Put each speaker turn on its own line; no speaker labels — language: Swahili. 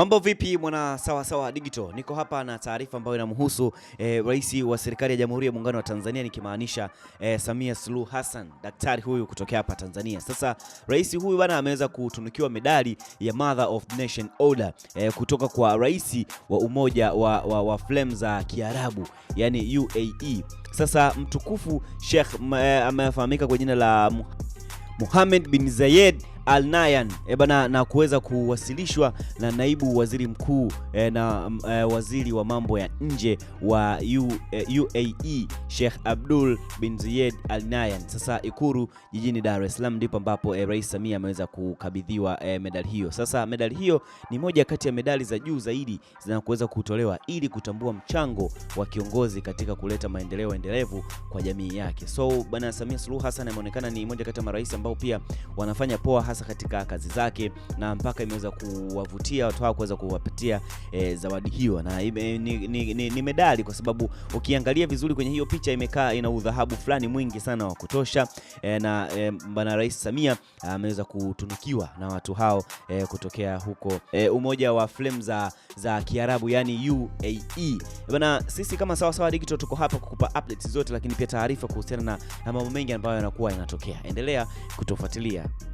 Mambo vipi mwana sawa sawa digital, niko hapa na taarifa ambayo inamhusu e, rais wa serikali ya Jamhuri ya Muungano wa Tanzania nikimaanisha e, Samia Suluhu Hassan, daktari huyu kutokea hapa Tanzania. Sasa rais huyu bwana ameweza kutunukiwa medali ya Mother of Nation Order e, kutoka kwa rais wa Umoja wa, wa, wa Falme za Kiarabu yani UAE. Sasa mtukufu Sheikh amefahamika kwa jina la Mohammed bin Zayed Al Nayan e eh, bana, na kuweza kuwasilishwa na naibu waziri mkuu e, na e, waziri wa mambo ya nje wa U, e, UAE Sheikh Abdul bin Ziyed Al Nayan. Sasa Ikuru jijini Dar es Salaam ndipo ambapo e, Rais Samia ameweza kukabidhiwa e, medali hiyo. Sasa medali hiyo ni moja kati ya medali za juu zaidi zinakuweza kutolewa ili kutambua mchango wa kiongozi katika kuleta maendeleo endelevu kwa jamii yake. So bana, Samia Suluhu Hassan ameonekana ni moja kati ya marais ambao pia wanafanya poa hasa hasa katika kazi zake, na mpaka imeweza kuwavutia watu hao kuweza kuwapatia e, zawadi hiyo, na ime, ni, ni, ni, ni medali kwa sababu ukiangalia vizuri kwenye hiyo picha imekaa ina udhahabu fulani mwingi sana wa kutosha e, na e, bwana Rais Samia ah, ameweza kutunukiwa na watu hao e, kutokea huko e, Umoja wa Falme za, za Kiarabu yani UAE. Bwana, sisi kama Sawa Sawa Digital tuko hapa kukupa updates zote, lakini pia taarifa kuhusiana na mambo mengi ambayo yanakuwa yanatokea. Endelea kutufuatilia.